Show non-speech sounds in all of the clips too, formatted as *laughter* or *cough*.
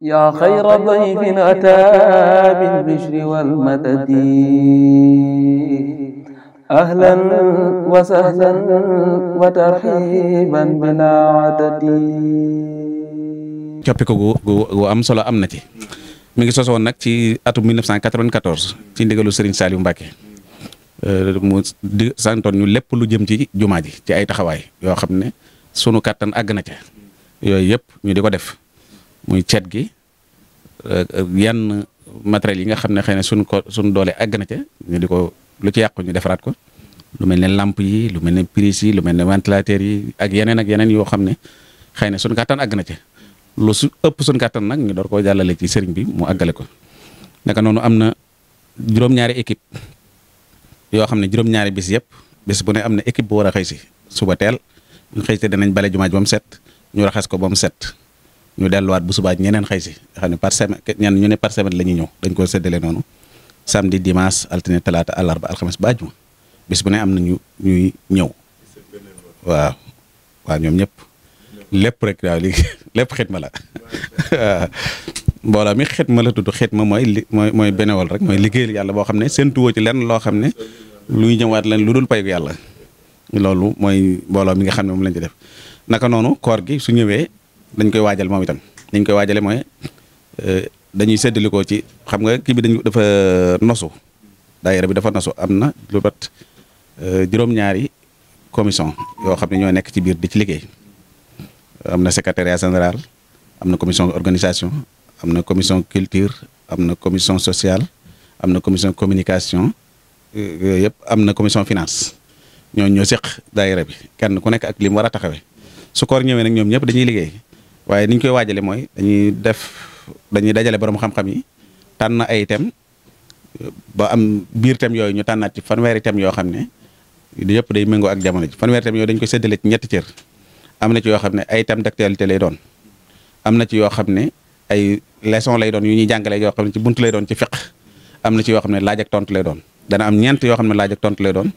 yaa xayra dayfin ataa bil bishri wal madadi ahlan wa sahlan wa tarxiiban bilaa adadi coppi gu gu am solo am na ci mi ngi sosoon nag ci atum 1994 ci ndigalu Serigne Saliou Mbacké euh, mu di santoon ñu lépp lu jëm ci jumaa ji ci ay taxawaay yoo xam ne sunu kàttan àgg na ca yooyu yëpp ñu di ko def muy cet gi euh, yenn matériels yi nga xam ne xëy na suñ ko suñ doole àgg na ñu di ko lu ci yàqu ñu defaraat ko lu mel ne làmp yi lu mel ne prise yi lu mel ne ventilateur yi ak yeneen ak yeneen yoo xam ne xëy na suñ kàttan àgg na ca lu su ëpp suñ kàttan nag ñu door koo jàllale ci sëriñ bi mu àggale ko naka noonu am na juróom-ñaari équipe yoo xam ne juróom-ñaari bis yëpp bis bu ne am na équipe bu war xëy si suba teel ñu xëy si danañ bale jumaa ji set ñu raxas ko ba mu set ñu delluwaat bu subaa ñeneen xay si xam ne par semaine ñenn ñu ne par semaine la ñuy ñëw dañ ko séddale noonu samedi dimanche altine talaata àllarba alxames ba àjjuma bis bu ne am na ñu ñuy ñëw waaw waaw ñoom ñëpp lépp rek waaw li *laughs* lépp xitma la *laughs* mbooloo mi xitma la tudd xitma mooy li mooy mooy benewal rek mooy liggéeyal yàlla boo xam ne séentuwoo ci lenn loo xam ne luy ñëwaat leen lu dul pay payu yàlla loolu mooy mbooloo mi nga xam ne moom lañ ci def naka noonu dañ koy waajal moom itam niñ koy waajale mooy euh, dañuy séddale ko ci xam nga kii bi dañ dafa nosu daayira bi dafa nosu am na lu bat euh, juróom-ñaari commission yoo xam ne ñoo nekk ci biir di ci liggéey am na secretariat général am na commission organisation am na commission culture am na commission sociale am na commission communication euh, yooyu yëpp am na commission finance ñooñu ñoo seq daayira bi kenn ku nekk ak li mu war a taxawee su koor ñëwee nag ñoom ñëpp dañuy liggéey waaye ni koy waajalee mooy dañuy def dañuy dajale borom xam-xam yi tànn ay thèmes ba am biir thèmes yooyu ñu tànnaat ci fanweeri thèmes yoo xam ne yëpp day méngoo ak jamono ji fanweeri thèmes yooyu dañ ko séddale ci ñetti cër am na ci yoo xam ne ay thèmes d'actualité lay doon am na ci yoo xam ne ay lay doon yu ñuy jàngalee yoo xam ne ci bunt lay doon ci fiq am na ci yoo xam ne laaj tontu lay doon dana am ñeent yoo xam ne laaj ak tontu lay doon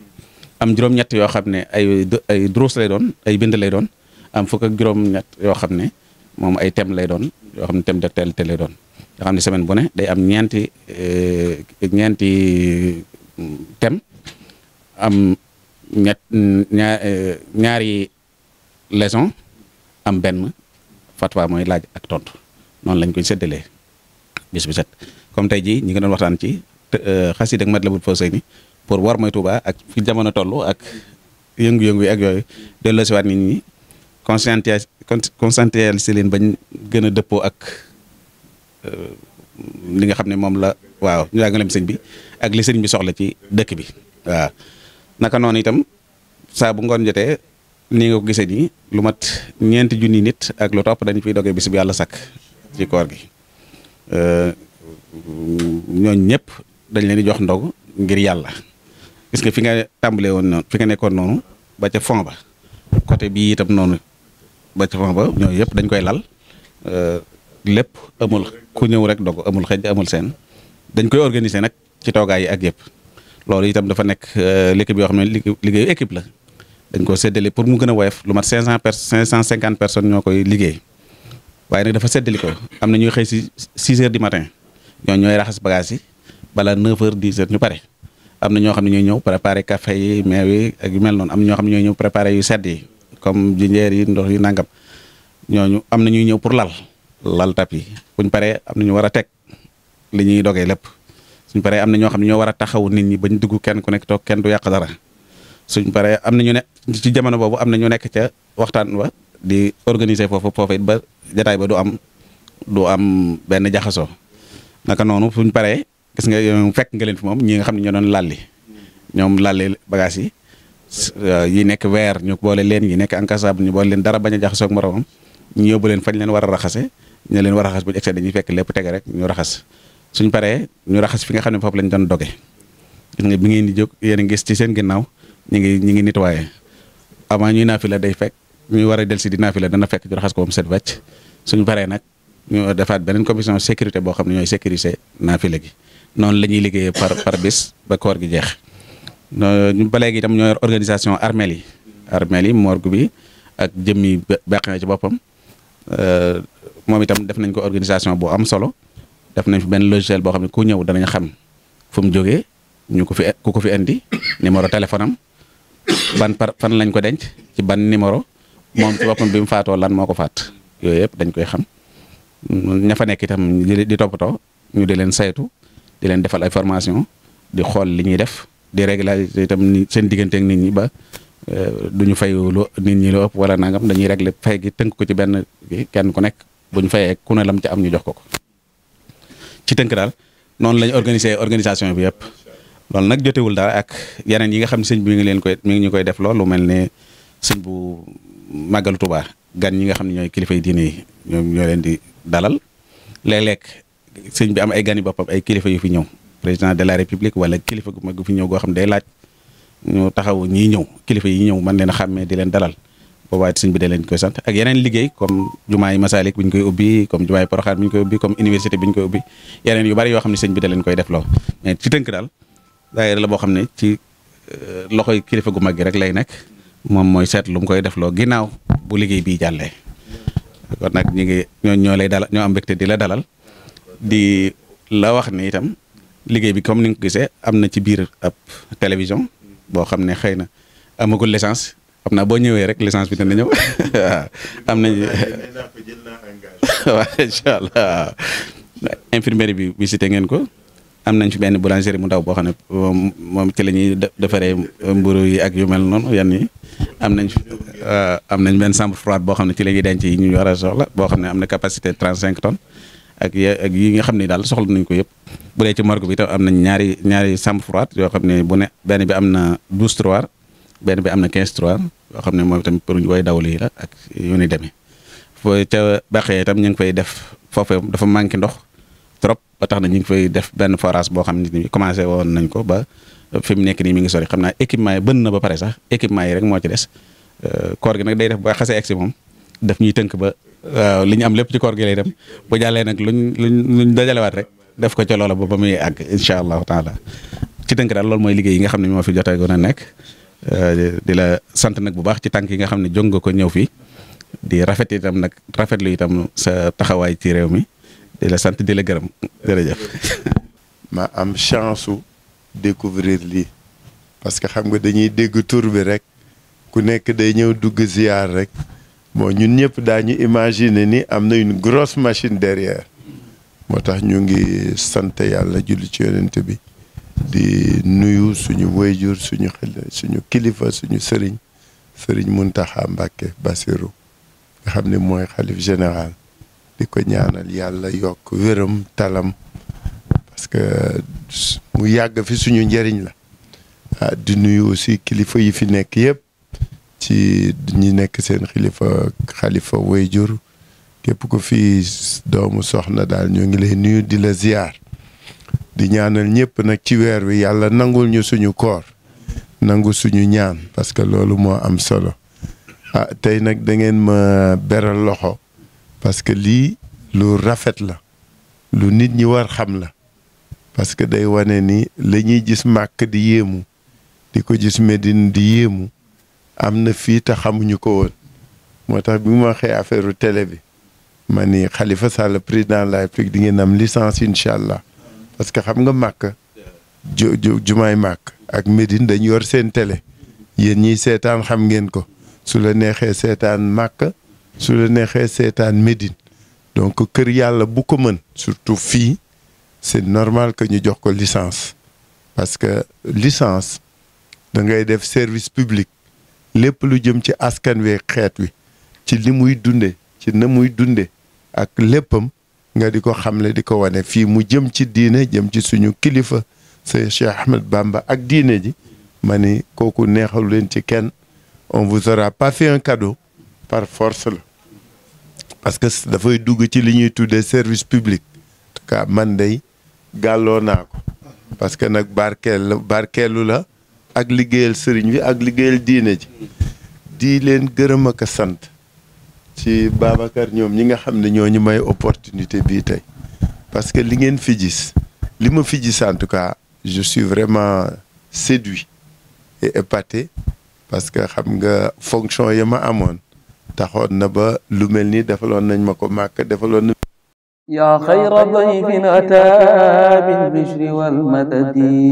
am juróom-ñett yoo xam ne ay ay drus doon ay bind lay doon am fukk ak juróom-ñett yoo xam ne moom ay thème lay doon yoo xam ne thème d'actualité lay doon yoo xam ne semaine bu ne day am ñaanti ñeenti euh, tem euh, am ñett ñaar euh, ñaari leçon am benn fatwa mooy laaj ak tontu noonu lañ koy séddalee bis bi set comme tey jii ñi ngi doon waxtaan ci xasida ak Matlabul Fawzayni pour war mooy Tuuba ak fi jamono toll ak yëngu-yëngu yi ak yooyu delloosiwaat nit ñi conscientiser si leen bañ gën a dëppoo ak euh, li nga xam ne moom la waaw ñu jàngaleem sëñ bi ak li sëñ bi soxla ci dëkk bi waaw naka noonu itam saa bu ngoon jotee nii nga ko gisee nii lu mat ñeenti junni nit ak lu topp dañu fiy dogee bis bu yàlla sakk ci koor gi euh, ñooñ ñëpp dañ leen di jox ndog ngir yàlla gis nga fi nga tàmbule woon noonu fi nga nekkoon noonu ba ca fond ba côté bii itam noonu ba ca ba ñooyu yëpp dañ koy lal euh, lépp amul ku ñëw rek doog amul xëj amul seen dañ koy organiser nag ci toogaay yi ak yëpp loolu itam dafa nekk euh, l'équipe yoo xam ne liggéeyu équipe la dañ ko séddale pour mu gën a woyof lu mat cinq cent pers cinq cent cinquante personnes ñoo koy liggéey waaye nag dafa séddali ko am na ñuy xëy si six heures du matin ñoo ñooy raxas bagages yi bala neuf heures dix heures ñu pare am na ñoo xam ne ñooy ñëw préparer café yi meew yi ak am na ñoo xam ne ñooy ñëw préparer yu sedd yi comme jinjeer yi ndox yi nangam ñooñu am na ñuy ñëw pour lal lal tapi buñ paree am na ñu war a teg li ñuy dogee lépp suñ pare am na ñoo xam ne ñoo war a taxawu nit ñi bañ dugg kenn ku nekk toog kenn du yàq dara suñ paree am na ñu ne ci jamono boobu am na ñu nekk ca waxtaan wa di organiser foofu foofu it ba jataay ba du am du am benn jaxasoo naka noonu fuñ paree gis nga fekk nga leen fi moom ñi nga xam ne ñoo noonu laal li ñoom lalli bagage yi Euh, yi nekk weer ñu boole leen yi nekk encassable ñu boole leen dara bañ a jaxasoog moromam ñu yóbbu leen fañ leen war a raxase ñu leen war a raxas bu ñu egg fekk lépp tege rek ñu raxas suñ paree ñu raxas fi nga xam ne foofu lañ doon doge gis nga bi ngeen di jóg yéen a gis ci seen ginnaaw ñu ngi ñu ngi nettoyé avant ñuy naafila day fekk ñu war a dellusi di naafila dana fekk ñu raxas ko ba mu set wàcc suñ paree nag ñu defaat beneen commission sécurité boo xam ne ñooy sécuriser naafila gi noonu la ñuy liggéeyee par par bis ba koor gi jeex ñu ba léegi itam ñoo organisation armel yi armel yi morgue bi ak jëmmi beqin ci boppam euh, moom itam def nañ ko organisation bu am solo def nañ fi benn logiciel boo xam ne ku ñëw danañ xam fu mu jógee ñu ko fi ku ko fi indi numéro téléphone am ban par fan lañ ko denc ci ban numéro moom ci boppam bi mu faatoo lan moo ko faat yooyu yëpp dañ koy xam ña fa nekk itam di toppatoo ñu di leen saytu di leen defal ay formation di xool li ñuy def di régler itam seen digganteek nit ñi ba euh, du ñu fay lu nit ñi lu ëpp wala nangam dañuy régler fay gi tënk ko ci benn kenn ku nekk bu ñu fayee ku ne lam ci am ñu jox ko ko ci tënk daal noonu lañ organiser organisation bi yëpp loolu nag jotewul daal ak yeneen yi nga xam ne sëñ bi mi ngi leen koy mi ngi ñu koy def loolu mel ne sëñ bu màggalu tubaa gan ñi nga xam ne ñooy kilifa yi diine yi ñoo leen di dalal lay lekk sëñ bi am ay gani boppam ay kilifa yu fi ñëw président de la république wala kilifa gu mag gu fi ñëw goo xam day laaj ñu taxaw ñiy ñëw kilifa yi ñëw man leen a xam xàmmee di leen dalal boobaat sëñ bi da leen koy sant ak yeneen liggéey comme jumaay Masalik bi ñu koy ubbi comme jumaay Poroxaan bi ñu koy ubbi comme université bi koy ubbi yeneen yu bari yoo xam ne sëñ bi da leen koy def loo mais ci tënk daal daayira la boo xam ne ci euh, loxoy kilifa gu mag gi rek lay nekk moom mooy seet lu mu koy def loo ginnaaw bu liggéey bii jàllee kon nag ñu ngi ñoo ñoo lay dalal am mbégte di la dalal di la wax ni itam liggéey bi comme ni nga ko gisee am na ci biir ab télévision boo xam ne xëy na amagul licence xam naa boo ñëwee rek licence bi dina ñëw *laughs* am nañu *laughs* waaw incha bi visité ngeen ko am nañ fi benn boulangerie mu ndaw boo xam ne moom ci la ñuy defaree mburu yi ak yu mel noonu yan yi am nañ euh, am nañ benn chambre froide boo xam ne ci la ñuy denc yi ñu war a soxla boo xam ne am na capacité trente cinq tonnes ak ak yi nga xam ne daal soxla nañ ko yëpp bu dee ci morgue bi itam am nañ ñaari ñaari chambre froide yoo xam ne bu ne benn bi am na douze tiroir benn bi am na quinze tiroir yoo xam ne moom tam pour ñu way dawli la ak yu ni demee foo ca baqee itam ñu ngi fay def foofee dafa manqué ndox trop ba tax na ñu ngi fay def benn forage boo xam ne ni commencé woon nañ ko ba fi mu nekk nii mi ngi sori xam naa équipement yi bën na ba pare sax équipement yi rek moo ci des euh, koor gi nag day def ba xasee egg si moom def ñuy tënk ba li ñu am lépp ci koor gi lay dem bu jàllee nag luñ luñ luñ dajalewaat rek def ko ca loola ba ba muy àgg incha allahu taala ci tënk daal loolu mooy liggéey yi nga xam ne moo fi jotee gën a nekk euh, di la sant nag bu baax ci tànk yi nga xam ne jóg nga ko ñëw fii di rafet itam nag rafetlu itam sa taxawaay ci réew mi di la sant di la gërëm jërëjëf. *laughs* ma am chance su découvrir lii parce que xam nga dañuy dégg tur bi rek ku nekk day ñëw dugg ziyaar rek. bon ñun ñëpp daañu imagine ni am na une grosse machine derrière moo tax ñu ngi sant yàlla julli ci yonent bi di nuyu suñu wayjur suñu suñu kilifa suñu sëriñ sëriñ Muntaxa Mbàkke Basiru nga xam ni mooy xalif général di ko ñaanal yàlla yokk wéram talam parce que mu yàgg fi suñu njëriñ la ah di nuyu aussi kilifa yi fi nekk yëpp ci ñi nekk seen xilifa xalifa jur képp ko fi doomu soxna daal ñoo ngi lay nuyu di la ziar di ñaanal ñëpp nag ci weer wi yàlla nangul ñu suñu koor nangu suñu ñaan parce que loolu moo am solo ah tey nag dangeen ma beral loxo parce que lii lu rafet la lu nit ñi war xam la parce que day wane ni la ñuy gis màkk di yéemu di ko gis Medine di yéemu am na fii te xamuñu ko woon moo tax bi mu waxee affaire télé bi ma ni xalifa Sall président de la République di ngeen am licence incha allah parce que xam nga màkk ju ju jumaay màkk ak Médine dañ yor seen télé yéen ñiy seetaan xam ngeen ko su la neexee seetaan màkk su la neexee seetaan Médine donc kër yàlla bu ko mën surtout fii c'est normal que ñu jox ko licence parce que licence da ngay def service public lépp lu jëm ci askan wi xeet wi ci li muy dunde ci na muy dunde ak léppam nga di ko xamle di ko wane fii mu jëm ci diine jëm ci suñu kilifa c'est Cheikh Ahmed Bamba ak diine ji ma ni kooku neexalu leen ci kenn on vous aura passé un par force la parce que dafay dugg ci li ñuy tuddee service public en man day gàlloo naa ko parce que nag barkeelu barkeelu la ak liggéeyal sëriñ bi ak liggéeyal diine ji di leen gërëm ak sant ci Babacar ñoom ñi nga xam ne ñoo ñu may opportunité bii tey parce que li ngeen fi gis li ma fi gis en tout cas je suis vraiment séduit et épaté parce que xam nga fonction yi ma amoon taxoon na ba lu mel nii defaloon nañ ma ko màkk defaloon na yaa xayra dayfin ataa bil bishri wal madadi